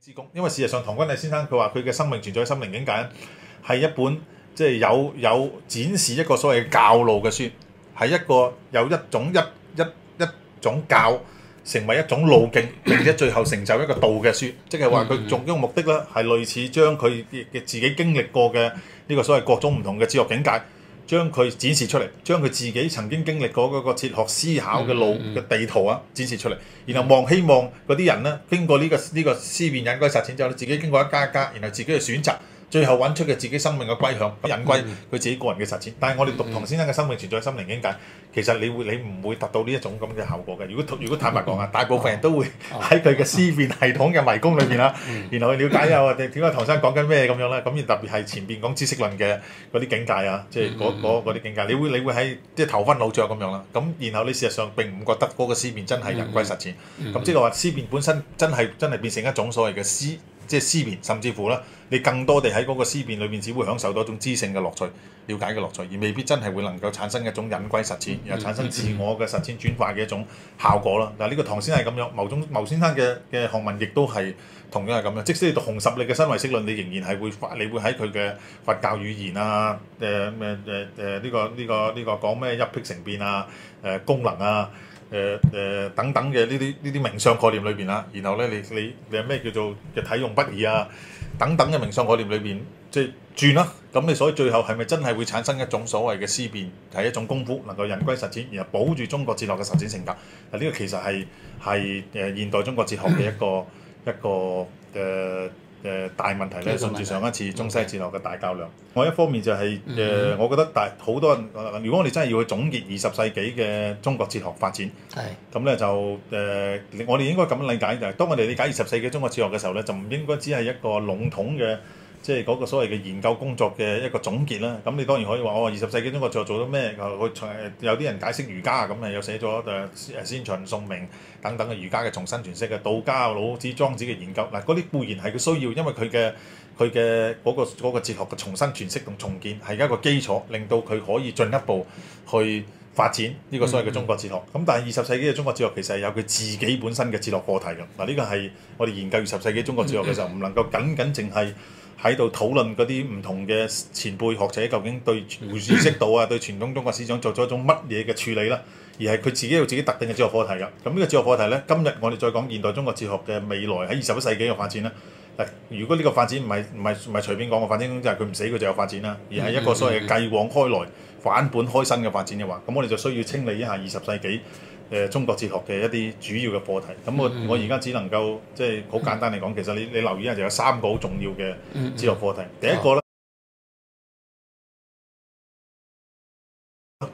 施工，因為事實上，唐君毅先生佢話佢嘅生命存在心靈境界，係一本即係、就是、有有展示一個所謂教路嘅書，係一個有一種一一,一種教。成為一種路徑，並且最後成就一個道嘅書，即係話佢最終目的咧，係類似將佢嘅自己經歷過嘅呢個所謂各種唔同嘅哲學境界，將佢展示出嚟，將佢自己曾經經歷過嗰個哲學思考嘅路嘅地圖啊，展示出嚟，然後望希望嗰啲人咧經過呢個呢個思辨引歸實踐之後，自己經過一家一家，然後自己去選擇。最後揾出嘅自己生命嘅歸向，咁引歸佢自己個人嘅實踐。但係我哋讀唐先生嘅生命存在心靈境界，其實你會你唔會達到呢一種咁嘅效果嘅？如果讀如果坦白講啊，大部分人都會喺佢嘅思辨系統嘅迷宮裏邊啦，然後去了解下我哋點解唐生講緊咩咁樣咧？咁而特別係前邊講知識論嘅嗰啲境界啊，即係嗰嗰嗰啲境界，你會你會喺即係頭昏腦脹咁樣啦。咁然後你事實上並唔覺得嗰個思辨真係引歸實踐，咁即係話思辨本身真係真係變成一種所謂嘅思，即係思辨，甚至乎啦。你更多地喺嗰個思辨裏面，只會享受到一種知性嘅樂趣、了解嘅樂趣，而未必真係會能夠產生一種引歸實踐，然後又產生自我嘅實踐轉化嘅一種效果咯。嗱，呢個唐先生咁樣，牟宗牟先生嘅嘅學問亦都係同樣係咁嘅。即使你讀《熊十力嘅新唯識論》，你仍然係會發，你會喺佢嘅佛教語言啊，誒誒誒誒，呢、呃呃這個呢、這個呢、這個講咩、這個、翕闢成變啊，誒、呃、功能啊。誒誒、呃、等等嘅呢啲呢啲名相概念裏邊啦，然後咧你你你咩叫做嘅體用不二啊？等等嘅名相概念裏邊，即係轉啦。咁、啊、你所以最後係咪真係會產生一種所謂嘅思辨，係一種功夫，能夠引歸實踐，然後保住中國哲學嘅實踐性格？啊，呢個其實係係誒現代中國哲學嘅一個一個誒。呃誒、呃、大問題咧，甚至上一次中西哲學嘅大較量，Okay. 我一方面就係、是、誒、呃，我覺得大好多人、呃。如果我哋真係要去總結二十世紀嘅中國哲學發展，咁咧是就誒、呃，我哋應該咁理解就係，當我哋理解二十世紀中國哲學嘅時候咧，就唔應該只係一個籠統嘅。即係嗰個所謂嘅研究工作嘅一個總結啦。咁你當然可以話：我、哦、二十世紀中國哲學做咗咩？啊，佢有啲人解釋儒家啊，咁啊又寫咗誒、呃、先秦宋明等等嘅儒家嘅重新詮釋嘅道家老子、莊子嘅研究嗱。嗰啲固然係佢需要，因為佢嘅佢嘅嗰個哲學嘅重新詮釋同重建係一個基礎，令到佢可以進一步去發展呢個所謂嘅中國哲學。咁、嗯嗯、但係二十世紀嘅中國哲學其實係有佢自己本身嘅哲學課題㗎嗱。呢個係我哋研究二十世紀中國哲學嘅時候唔能夠僅僅淨係。喺度討論嗰啲唔同嘅前輩學者究竟對意識到啊，對傳統中國思想做咗一種乜嘢嘅處理啦？而係佢自己有自己特定嘅哲學課題嘅。咁呢個哲學課題咧，今日我哋再講現代中國哲學嘅未來喺二十世紀嘅發展啦。如果呢個發展唔係唔係唔係隨便講嘅，反正就係佢唔死佢就有發展啦。而係一個所謂繼往開來、反本開新嘅發展嘅話，咁我哋就需要清理一下二十世紀。誒中國哲學嘅一啲主要嘅課題，咁、嗯嗯、我我而家只能夠即係好簡單嚟講，嗯嗯其實你你留意下就有三個好重要嘅哲學課題。嗯嗯第一個咧，啊、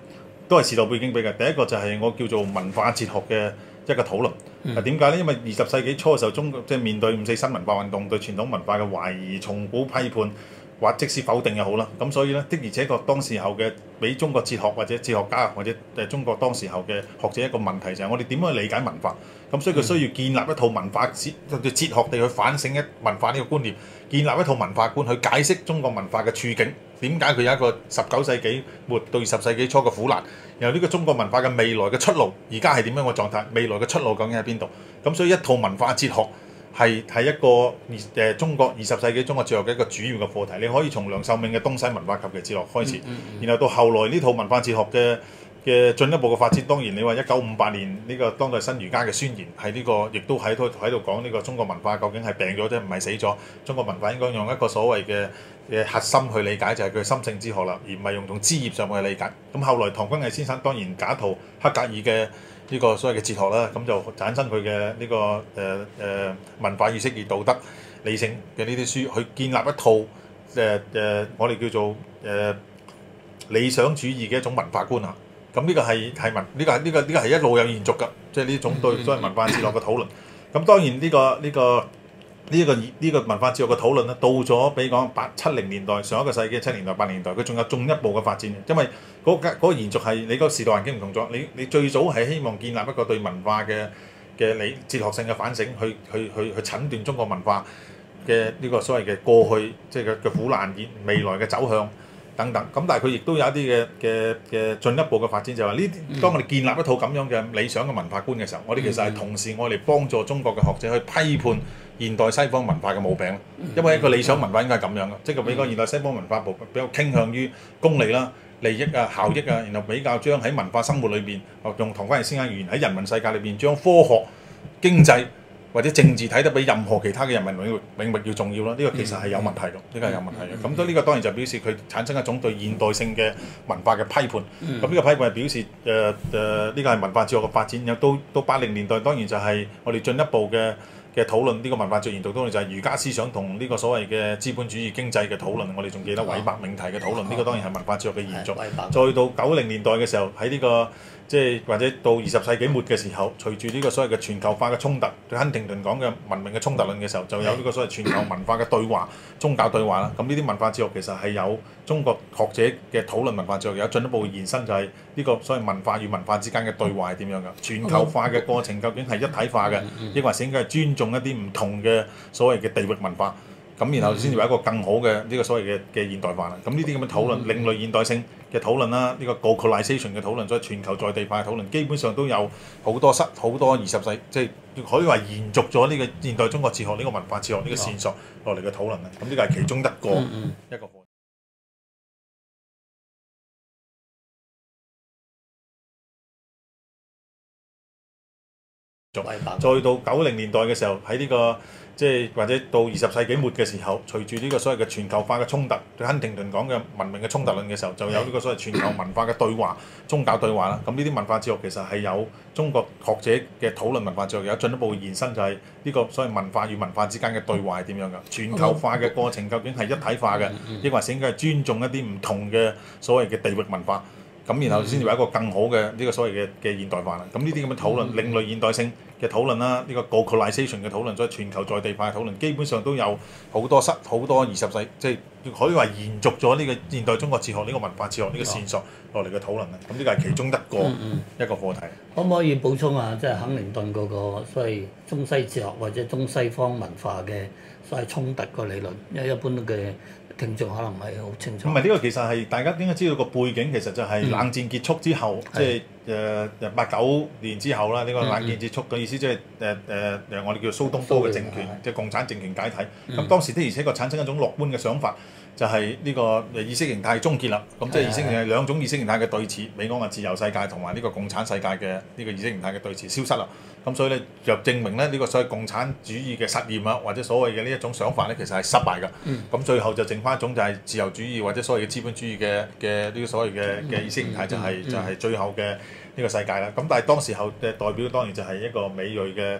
都係時代背景俾嘅。第一個就係我叫做文化哲學嘅一個討論。啊點解咧？因為二十世紀初嘅時候，中國即係、就是、面對五四新文化運動對傳統文化嘅懷疑、重估、批判。或即使否定又好啦，咁所以咧的而且確當時候嘅俾中國哲學或者哲學家或者誒中國當時候嘅學者一個問題，就係我哋點樣去理解文化，咁所以佢需要建立一套文化哲哲學地去反省一文化呢個觀念，建立一套文化觀去解釋中國文化嘅處境，點解佢有一個十九世紀末到二十世紀初嘅苦難，然後呢個中國文化嘅未來嘅出路，而家係點樣嘅狀態，未來嘅出路究竟喺邊度？咁所以一套文化哲學。係係一個二中國二十世紀中國哲學嘅一個主要嘅課題，你可以從梁漱溟嘅《東西文化及其哲學》開始，然後到後來呢套文化哲學嘅嘅進一步嘅發展。當然，你話一九五八年呢個當代新儒家嘅宣言、這個，喺呢個亦都喺喺喺度講呢個中國文化究竟係病咗啫，唔係死咗。中國文化應該用一個所謂嘅嘅核心去理解，就係佢嘅心性之學啦，而唔係用從枝葉上去理解。咁後來唐君毅先生當然假途黑格爾嘅。呢個所謂嘅哲學啦，咁就產生佢嘅呢個誒誒、呃呃、文化意識與道德理性嘅呢啲書，去建立一套誒誒、呃呃、我哋叫做誒、呃、理想主義嘅一種文化觀啊。咁、這、呢個係係文呢、這個係呢、這個呢、這個係一路有延續嘅，即係呢種對所謂文化哲學嘅討論。咁、啊嗯嗯嗯嗯嗯嗯嗯、當然呢個呢個。呢個呢一個呢個文化哲學嘅討論咧，到咗，比如講八七零年代、上一個世紀七年代、八年代，佢仲有進一步嘅發展，因為嗰、那個那個延續係你個時代環境唔同咗。你你最早係希望建立一個對文化嘅嘅理哲學性嘅反省，去去去去診斷中國文化嘅呢、這個所謂嘅過去，即係嘅嘅苦難未來嘅走向等等。咁但係佢亦都有一啲嘅嘅嘅進一步嘅發展，就係話呢啲當我哋建立一套咁樣嘅理想嘅文化觀嘅時候，我哋其實係同時我哋幫助中國嘅學者去批判。現代西方文化嘅毛病咯，因為一個理想文化應該係咁樣嘅，即係比較現代西方文化部比較傾向於功利啦、利益啊、效益啊，然後比較將喺文化生活裏邊，用唐關嘅先生語言喺人文世界裏邊，將科學、經濟或者政治睇得比任何其他嘅人文領域要重要咯。呢個其實係有問題嘅，呢個係有問題嘅。咁所以呢個當然就表示佢產生一種對現代性嘅文化嘅批判。咁呢個批判就表示誒誒，呢個係文化自我嘅發展。然後到到八零年代，當然就係我哋進一步嘅。嘅討論呢、這個文化最延續當然就係儒家思想同呢個所謂嘅資本主義經濟嘅討論，我哋仲記得韋伯命題嘅討論，呢、啊、個當然係文化最嘅延續。再到九零年代嘅時候，喺呢、這個。即係或者到二十世紀末嘅時候，隨住呢個所謂嘅全球化嘅衝突，對亨廷頓講嘅文明嘅衝突論嘅時候，就有呢個所謂全球文化嘅對話、宗教對話啦。咁呢啲文化哲學其實係有中國學者嘅討論文化哲學，有進一步延伸就係呢個所謂文化與文化之間嘅對話係點樣噶？全球化嘅過程究竟係一體化嘅，抑或應該係尊重一啲唔同嘅所謂嘅地域文化？咁然後先至話一個更好嘅呢、這個所謂嘅嘅現代化啦。咁呢啲咁嘅討論，嗯、另類現代性嘅討論啦，呢、嗯、個 globalisation 嘅討論，再全球在地化嘅討論，基本上都有好多失好多二十世，即、就、係、是、可以話延續咗呢、這個現代中國哲學呢個文化哲學呢個線索落嚟嘅討論啊。咁、這、呢個係其中一個、嗯嗯嗯、一個、嗯嗯、再到九零年代嘅時候，喺呢、這個即係或者到二十世紀末嘅時候，隨住呢個所謂嘅全球化嘅衝突，對亨廷頓講嘅文明嘅衝突論嘅時候，就有呢個所謂全球文化嘅對話、宗教對話啦。咁呢啲文化哲學其實係有中國學者嘅討論文化哲學，再有進一步延伸就係呢個所謂文化與文化之間嘅對話係點樣嘅？全球化嘅過程究竟係一體化嘅，亦或應該係尊重一啲唔同嘅所謂嘅地域文化？咁然後先至有一個更好嘅呢、這個所謂嘅嘅現代化啦。咁呢啲咁嘅討論，嗯、另類現代性嘅討論啦，呢、嗯、個 globalisation 嘅討論，所以全球在地化嘅討論，基本上都有好多失好多二十世，即、就、係、是、可以話延續咗呢、這個現代中國哲學呢個文化哲學呢個線索落嚟嘅討論啊。咁、這、呢個係其中一個、嗯嗯、一個課題。可唔可以補充下即係肯寧頓嗰個所謂中西哲學或者中西方文化嘅所謂衝突個理論？因為一般嘅。聽眾可能唔係好清楚，唔係呢個，其實係大家應該知道個背景，其實就係冷戰結束之後，即係、嗯。就是誒、呃、八九年之後啦、呢、這個冷戰結束嘅意思即係誒誒我哋叫蘇東波嘅政權，即係共產政權解體。咁、嗯、當時的而且確產生一種樂觀嘅想法，就係、是、呢個意識形態終結啦。咁即係意識形態兩種意識形態嘅對峙，美國嘅自由世界同埋呢個共產世界嘅呢、這個意識形態嘅對峙消失啦。咁所以咧就證明咧呢、這個所謂共產主義嘅實驗啊，或者所謂嘅呢一種想法咧，其實係失敗嘅。咁、嗯、最後就剩返一種就係自由主義或者所謂嘅資本主義嘅嘅呢個所謂嘅嘅意識形態，就係就係最後嘅。嗯呢個世界啦，咁但係當時候嘅代表當然就係一個美裔嘅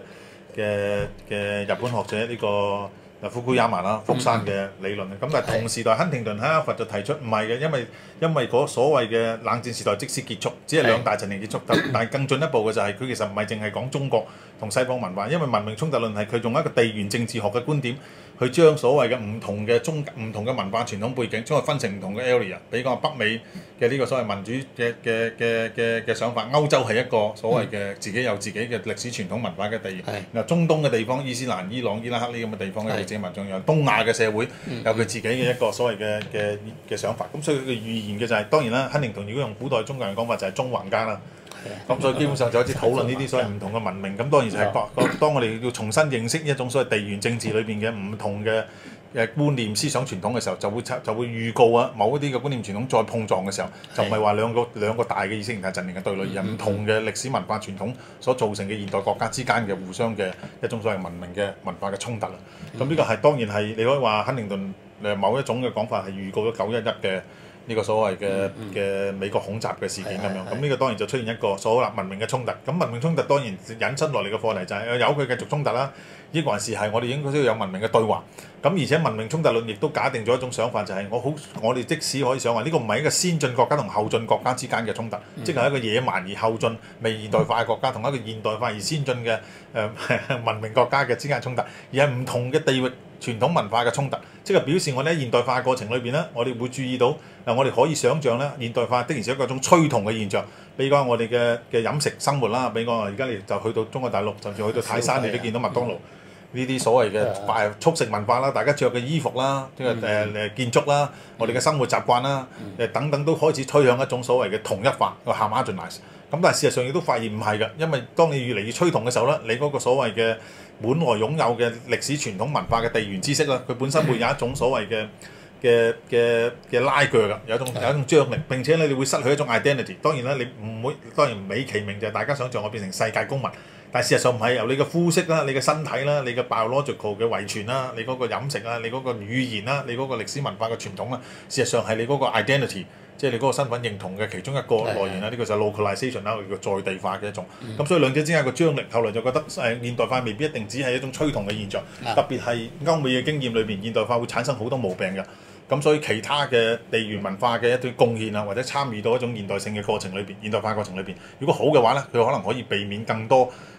嘅嘅日本學者呢、這個 Fukuyama 啦，福山嘅理論啊，咁、嗯、但係同時代的亨廷頓喺哈佛就提出唔係嘅，因為因為嗰所謂嘅冷戰時代即使結束，只係兩大陣營結束得，的但係更進一步嘅就係、是、佢其實唔係淨係講中國同西方文化，因為文明衝突論係佢用一個地緣政治學嘅觀點。佢將所謂嘅唔同嘅中唔同嘅文化傳統背景，將佢分成唔同嘅 area。比如北美嘅呢個所謂民主嘅嘅嘅嘅嘅想法，歐洲係一個所謂嘅自己有自己嘅歷史傳統文化嘅地。嗯、然後中東嘅地方，伊斯蘭、伊朗、伊拉克呢咁嘅地方咧係正文化樣。嗯、的東亞嘅社會、嗯、有佢自己嘅一個所謂嘅嘅嘅想法。咁所以佢嘅預言嘅就係、是、當然啦，亨廷頓如果用古代中國人講法就係縱橫家啦。咁、嗯、所以基本上就開始討論呢啲所謂唔同嘅文明，咁當然就係當我哋要重新認識一種所謂地緣政治裏邊嘅唔同嘅誒觀念、思想、傳統嘅時候，就會拆就會預告啊某一啲嘅觀念傳統再碰撞嘅時候，是就唔係話兩個兩個大嘅意識形態陣營嘅對立，而係唔同嘅歷史文化傳統所造成嘅現代國家之間嘅互相嘅一種所謂文明嘅文化嘅衝突啦。咁呢個係當然係你可以話亨廷頓誒某一種嘅講法係預告咗九一一嘅。呢個所謂嘅嘅美國恐襲嘅事件咁、嗯、樣，咁呢、嗯、個當然就出現一個所謂文明嘅衝突。咁、嗯、文明衝突當然引申落嚟嘅課題就係有佢繼續衝突啦，抑、這、或、個、是係我哋應該都要有文明嘅對話。咁而且文明衝突論亦都假定咗一種想法、就是，就係我好我哋即使可以想話，呢、這個唔係一個先進國家同後進國家之間嘅衝突，嗯、即係一個野蠻而後進、未現代化嘅國家，同一個現代化而先進嘅誒文明國家嘅之間嘅衝突，而係唔同嘅地域。傳統文化嘅衝突，即係表示我哋喺現代化過程裏邊咧，我哋會注意到嗱，我哋可以想像咧，現代化的確係一個種趨同嘅現象。比如講我哋嘅嘅飲食生活啦，比如講而家你就去到中國大陸，就算去到泰山， 你都見到麥當勞。 呢啲所謂嘅快速食文化啦，大家着嘅衣服啦，即係誒誒建築啦，嗯、我哋嘅生活習慣啦，誒、嗯、等等都開始推向一種所謂嘅同一化，叫 homogenise。咁但係事實上亦都發現唔係㗎，因為當你越嚟越趨同嘅時候咧，你嗰個所謂嘅本來擁有嘅歷史傳統文化嘅地緣知識啦，佢本身會有一種所謂嘅嘅嘅嘅拉鋸㗎，有一種、嗯、有一種張力。並且咧你會失去一種 identity。當然啦，你唔會，當然美其名就係大家想像我變成世界公民。但事實上唔係由你嘅膚色啦、你嘅身體啦、你嘅 biological 嘅遺傳啦、你嗰個飲食啊、你嗰個語言啦、你嗰個歷史文化嘅傳統啦，事實上係你嗰個 identity，即係你嗰個身份認同嘅其中一個來源啦。呢個就 localisation 啦，佢嘅在地化嘅一種。咁、嗯、所以兩者之間個張力，後嚟就覺得誒、呃、現代化未必一定只係一種趨同嘅現象，嗯、特別係歐美嘅經驗裏邊，現代化會產生好多毛病嘅。咁所以其他嘅地緣文化嘅一啲貢獻啊，或者參與到一種現代性嘅過程裏邊，現代化過程裏邊，如果好嘅話咧，佢可能可以避免更多。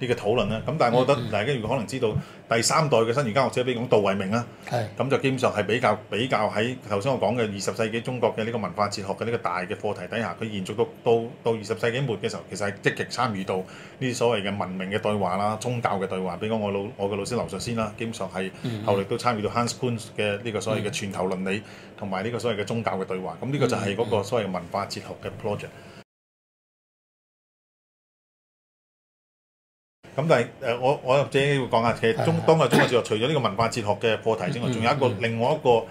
呢個討論咧，咁但係我覺得大家如果可能知道第三代嘅新儒家學者，比如講杜維明啦，咁是就基本上係比較比較喺頭先我講嘅二十世紀中國嘅呢個文化哲學嘅呢個大嘅課題底下，佢延續到到到二十世紀末嘅時候，其實係積極參與到呢啲所謂嘅文明嘅對話啦、宗教嘅對話，比如講我老我嘅老師劉述先啦，基本上係後嚟都參與到 Hans Küng 嘅呢個所謂嘅全球倫理同埋呢個所謂嘅宗教嘅對話，咁呢個就係嗰個所謂嘅文化哲學嘅 project。咁、嗯、但係誒、呃，我我自己要講下，其實中當我中國哲學除咗呢個文化哲學嘅課題之外，仲有一個另外一個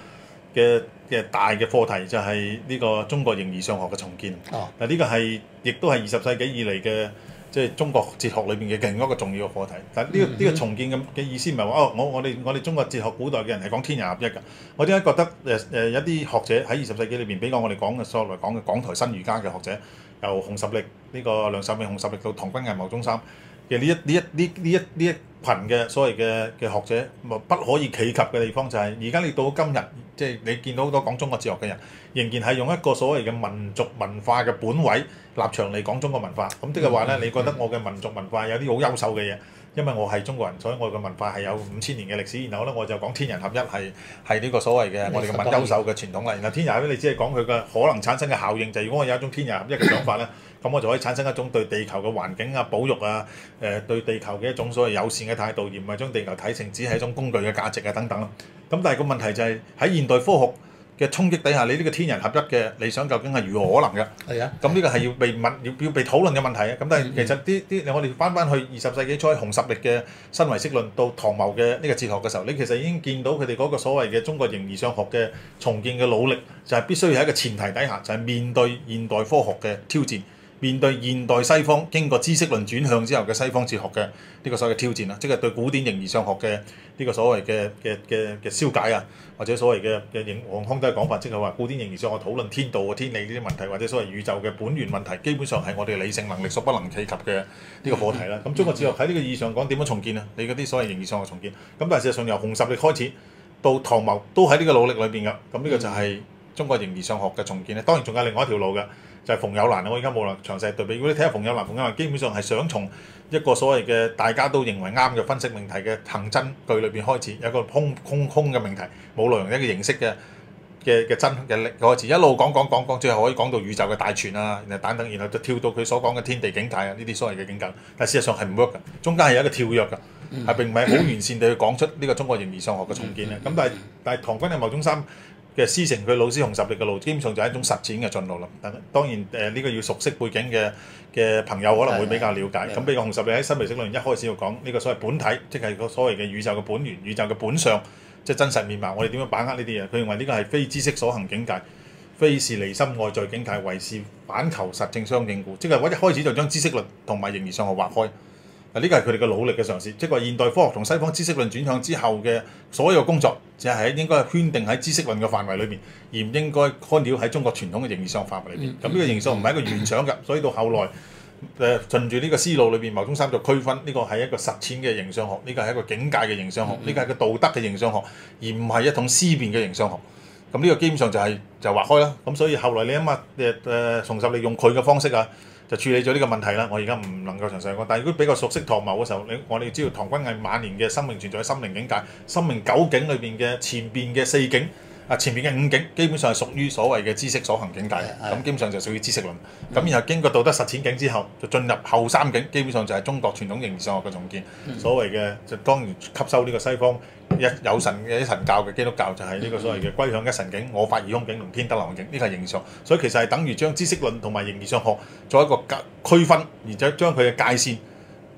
嘅嘅大嘅課題就係、是、呢個中國形而上學嘅重建。嗱、哦，呢個係亦都係二十世紀以嚟嘅即係中國哲學裏邊嘅另一個重要嘅課題。但係、這、呢個呢、這個重建咁嘅意思唔係話哦，我我哋我哋中國哲學古代嘅人係講天人合一㗎。我點解覺得誒誒有啲學者喺二十世紀裏邊，比較我哋講嘅所謂講嘅港台新儒家嘅學者？由熊十力呢、這個梁漱溟、熊十力到唐君毅、牟宗三，其實呢一呢一呢呢一呢一群嘅所謂嘅嘅學者，不可以企及嘅地方就係而家你到今日，即係你見到好多講中國哲學嘅人，仍然係用一個所謂嘅民族文化嘅本位立場嚟講中國文化，咁、嗯、即係話咧，嗯、你覺得我嘅民族文化有啲好優秀嘅嘢。因為我係中國人，所以我嘅文化係有五千年嘅歷史。然後咧，我就講天人合一係係呢個所謂嘅我哋嘅文，優 秀嘅傳統啦。然後天人合一，你只係講佢嘅可能產生嘅效應。就係、如果我有一種天人合一嘅想法咧，咁 我就可以產生一種對地球嘅環境啊保育啊，誒、呃、對地球嘅一種所謂友善嘅態度，而唔係將地球睇成只係一種工具嘅價值啊等等啦。咁、嗯、但係個問題就係、是、喺現代科學嘅衝擊底下，你呢個天人合一嘅理想究竟係如何可能嘅？係啊、嗯，咁呢個係要被問，要要被討論嘅問題啊！咁、嗯、但係其實啲啲，我哋翻翻去二十世紀初熊十力嘅新唯識論到唐牟嘅呢個哲學嘅時候，你其實已經見到佢哋嗰個所謂嘅中國形而上學嘅重建嘅努力，就係、是、必須要喺一個前提底下，就係、是、面對現代科學嘅挑戰。面對現代西方經過知識論轉向之後嘅西方哲學嘅呢個所謂嘅挑戰啦，即係對古典形而上學嘅呢個所謂嘅嘅嘅嘅消解啊，或者所謂嘅嘅影用康德嘅講法，即係話古典形而上學討論天道啊、天理呢啲問題，或者所謂宇宙嘅本源問題，基本上係我哋理性能力所不能企及嘅呢個課題啦。咁 中國哲學喺呢個意義上講點樣重建啊？你嗰啲所謂形而上學重建，咁但係事實上由熊十力開始到唐牟都喺呢個努力裏邊噶。咁呢個就係中國形而上學嘅重建咧。當然仲有另外一條路噶。就係馮友蘭我而家冇能詳細對比，如果你睇下馮友蘭，馮友蘭基本上係想從一個所謂嘅大家都認為啱嘅分析命題嘅恆真句裏邊開始，有個空空空嘅命題，冇內容一個形式嘅嘅嘅真嘅力開始，一路講講講講,講，最後可以講到宇宙嘅大全啊，然後等等，然後就跳到佢所講嘅天地境界啊，呢啲所謂嘅境界，但事實上係唔 work 㗎，中間係有一個跳躍㗎，係並唔係好完善地去講出呢個中國形而上學嘅重建啊。咁但係但係唐君毅某中心。嘅師承佢老師熊十力嘅路，基本上就係一種實踐嘅進路啦。但當然誒，呢、呃這個要熟悉背景嘅嘅朋友可能會比較了解。咁比如熊十力喺新唯識論一開始就講呢個所謂本體，即係個所謂嘅宇宙嘅本源、宇宙嘅本相，即係真實面貌。我哋點樣把握呢啲嘢？佢認為呢個係非知識所行境界，非是離心外在境界，唯是反求實證相應故。即係我一開始就將知識論同埋形而上學劃開。呢個係佢哋嘅努力嘅嘗試，即係話現代科學同西方知識論轉向之後嘅所有工作，只係應該係圈定喺知識論嘅範圍裏邊，而唔應該看了喺中國傳統嘅形而上範圍裏邊。咁呢、嗯嗯、個形上唔係一個原想㗎，嗯嗯嗯、所以到後來，誒、呃，順住呢個思路裏邊，牟宗三就區分呢、這個係一個實踐嘅形上學，呢、這個係一個境界嘅形上學，呢、這個係個道德嘅形上學，而唔係一桶思辨嘅形上學。咁、嗯、呢、嗯嗯這個基本上就係、是、就劃開啦。咁所以後來你啊嘛，誒誒重拾利用佢嘅方式啊。就處理咗呢個問題啦！我而家唔能夠詳細講，但係如果比較熟悉唐牟嘅時候，你我哋知道唐君毅晚年嘅生命存在喺心靈境界、心靈九境裏邊嘅前邊嘅四境啊，前邊嘅五境基本上係屬於所謂嘅知識所行境界嘅，咁 Yeah, yeah. 基本上就屬於知識論。咁、mm hmm. 然後經過道德實踐境之後，就進入後三境，基本上就係中國傳統形上學嘅重建，mm hmm. 所謂嘅就當然吸收呢個西方。有神嘅一神教嘅基督教就係呢個所謂嘅歸向一神境、我法二空境同天德流行境呢個係形而上，所以其實係等於將知識論同埋形而上學作一個區分，而且將佢嘅界線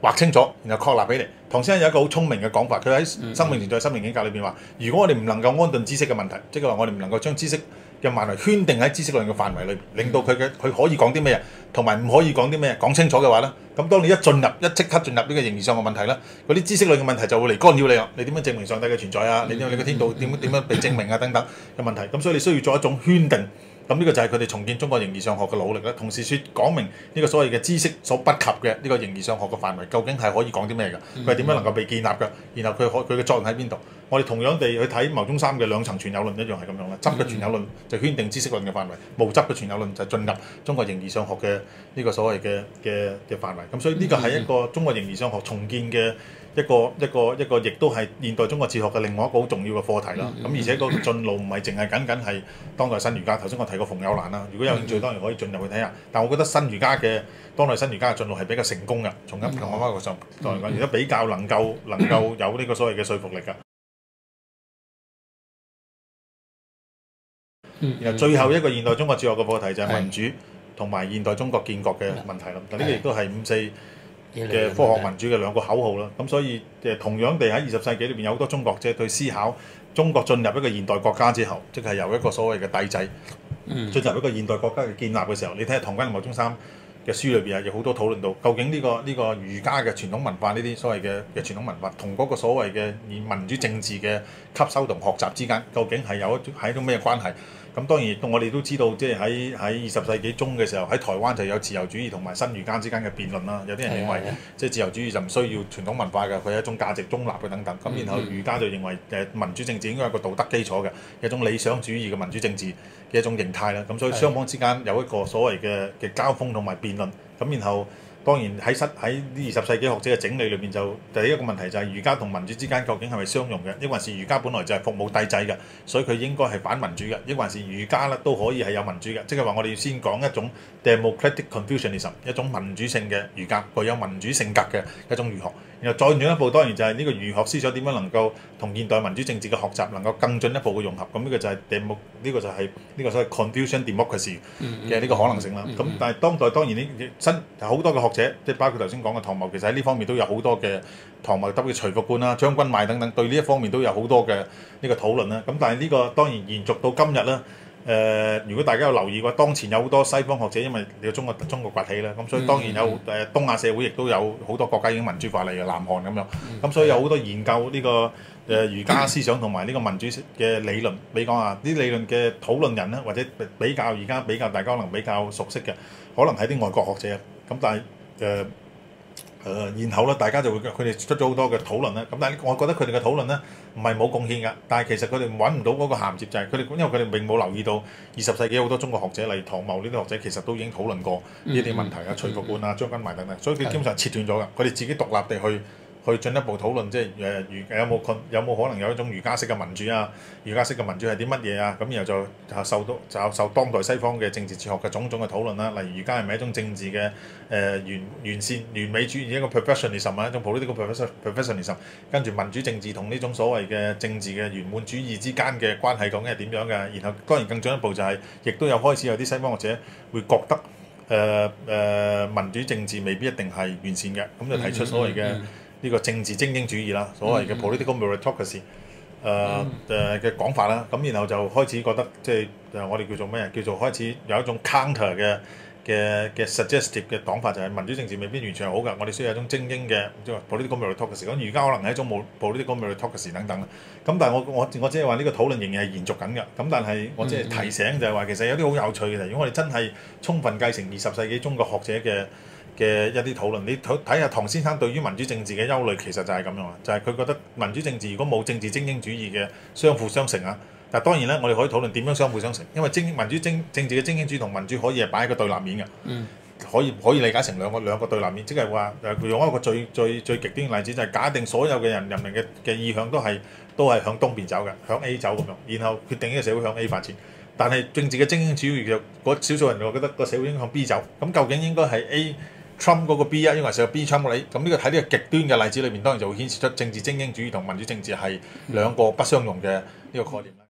劃清楚，然後確立俾你。唐先生有一個好聰明嘅講法，佢喺《生命存在》《生命境界》裏邊話：如果我哋唔能夠安頓知識嘅問題，即係話我哋唔能夠將知識嘅範圍圈定喺知識論嘅範圍裏，令到佢嘅佢可以講啲咩啊，同埋唔可以講啲咩，講清楚嘅話咧，咁當你一進入一即刻進入呢個形而上嘅問題啦，嗰啲知識論嘅問題就會嚟干擾你啊！你點樣證明上帝嘅存在啊？你點樣你嘅天道點樣點樣被證明啊？等等嘅問題，咁所以你需要做一種圈定。咁呢個就係佢哋重建中國形而上學嘅努力啦。同時説講明呢個所謂嘅知識所不及嘅呢個形而上學嘅範圍，究竟係可以講啲咩㗎？佢係點樣能夠被建立嘅？然後佢可佢嘅作用喺邊度？我哋同樣地去睇牟宗三嘅兩層存有論一樣係咁樣嘅。執嘅存有論就圈定知識論嘅範圍，無執嘅存有論就進入中國形而上學嘅呢個所謂嘅嘅嘅範圍。咁、嗯、所以呢個係一個中國形而上學重建嘅。一個一個一個，亦都係現代中國哲學嘅另外一個好重要嘅課題啦。咁、嗯嗯、而且個進路唔係淨係僅僅係當代新儒家。頭先我提過馮友蘭啦。如果有興趣，當然可以進入去睇下。嗯、但我覺得新儒家嘅當代新儒家嘅進路係比較成功嘅，從陰陽學派上當然講，而家比較能夠能夠有呢個所謂嘅說服力㗎。然後、嗯嗯嗯、最後一個現代中國哲學嘅課題就係民主同埋的現代中國建國嘅問題啦。的但呢個亦都係五四嘅科學民主嘅兩個口號啦，咁所以誒同樣地喺二十世紀裏邊有好多中國者去思考中國進入一個現代國家之後，即係由一個所謂嘅帝制進入一個現代國家嘅建立嘅時候，嗯、你睇下唐君毅、牟宗三嘅書裏邊啊，有好多討論到究竟呢個呢個儒家嘅傳統文化呢啲所謂嘅嘅傳統文化，同嗰個所謂嘅以民主政治嘅吸收同學習之間，究竟係有一種係一種咩關係？咁當然，我哋都知道，即係喺喺二十世紀中嘅時候，喺台灣就有自由主義同埋新儒家之間嘅辯論啦。有啲人認為，的即係自由主義就唔需要傳統文化嘅，佢係一種價值中立嘅等等。咁然後儒家就認為，誒民主政治應該係一個道德基礎嘅，一種理想主義嘅民主政治嘅一種形態啦。咁所以雙方之間有一個所謂嘅嘅交鋒同埋辯論。咁的然後。當然喺呢二十世紀學者嘅整理裏面，就第一個問題就係儒家同民主之間究竟係咪相容嘅？抑或是儒家本來就係服務帝制嘅，所以佢應該係反民主嘅？抑或是儒家咧都可以係有民主嘅？即係話我哋要先講一種 democratic c o n f u c i a n i s m 一種民主性嘅儒家，具有民主性格嘅一種儒學。然後再進一步，當然就係呢個儒學思想點樣能夠同現代民主政治嘅學習能夠更進一步嘅融合，咁呢個就係定呢個就係、是、呢、呢個所謂 Confucian democracy 嘅呢個可能性啦。咁但係當代當然呢新好多嘅學者，即係包括頭先講嘅唐牟，其實喺呢方面都有好多嘅唐牟，特別徐復觀啦、張君勱等等，對呢一方面都有好多嘅呢個討論啦。咁但係呢個當然延續到今日啦。誒、呃，如果大家有留意嘅話，當前有好多西方學者，因為你中國中國崛起啦，咁所以當然有誒、嗯呃、東亞社會亦都有好多國家已經民主化嚟嘅，南韓咁樣，咁、嗯嗯、所以有好多研究呢、呢個誒儒家思想同埋呢個民主嘅理論。你講啊，啲理論嘅討論人咧，或者比較而家比較大家可能比較熟悉嘅，可能係啲外國學者，咁但係誒，呃誒、呃，然後咧，大家就會佢哋出咗好多嘅討論啦。咁但係，我覺得佢哋嘅討論咧，唔係冇貢獻噶。但係其實佢哋揾唔到嗰個銜接，就係佢哋因為佢哋並冇留意到二十世紀好多中國學者，例如唐牟呢啲學者，其實都已經討論過呢啲問題啊，徐復觀啊、張君勱等等。所以佢基本上切斷咗噶，佢哋的自己獨立地去。去進一步討論，即係誒、呃、如有冇有冇可能有一種儒家式嘅民主啊？儒家式嘅民主係啲乜嘢啊？咁然後就受到就受當代西方嘅政治哲學嘅種種嘅討論啦。例如儒家係咪一種政治嘅誒完完善完美主義一個 professionalism 一、啊、種普呢的個 professionalism。跟住民主政治同呢種所謂嘅政治嘅圓滿主義之間嘅關係究竟係點樣嘅？然後當然更進一步就係、是、亦都有開始有啲西方學者會覺得誒誒、呃呃、民主政治未必一定係完善嘅，咁就提出所謂嘅。Mm, mm, mm, mm, mm. 呢個政治精英主義啦，所謂嘅 political meritocracy，誒、呃、誒嘅講、嗯呃、法啦，咁然後就開始覺得即係誒我哋叫做咩啊？叫做開始有一種 counter 嘅嘅嘅 suggestive 嘅講法，就係、是、民主政治未必完全係好㗎，我哋需要一種精英嘅即係 political meritocracy。咁而家可能係一種冇 political meritocracy 等等啦。咁但係我我我只係話呢個討論仍然係延續緊㗎。咁但係我即係提醒就係話，其實有啲好有趣嘅。如果我哋真係充分繼承二十世紀中國學者嘅。嘅一啲討論，你睇下唐先生對於民主政治嘅憂慮，其實就係咁樣，就係、是、佢覺得民主政治如果冇政治精英主義嘅相輔相成啊。但係當然咧，我哋可以討論點樣相輔相成，因為民主政政治嘅精英主義同民主可以係擺喺個對立面嘅，可以可以理解成兩個兩個對立面，即係話用一個最最最極端嘅例子，就係、是、假定所有嘅人人民嘅嘅意向都係都係向東邊走嘅，向 A 走咁樣，然後決定呢個社會向 A 發展。但係政治嘅精英主義，嗰少數人就覺得個社會應向 B 走，咁究竟應該係 A？Trump 嗰 B 啊，因為成個 B Trump 你咁呢個睇呢個極端嘅例子裏面當然就會顯示出政治精英主義同民主政治係兩個不相容嘅呢個概念。嗯嗯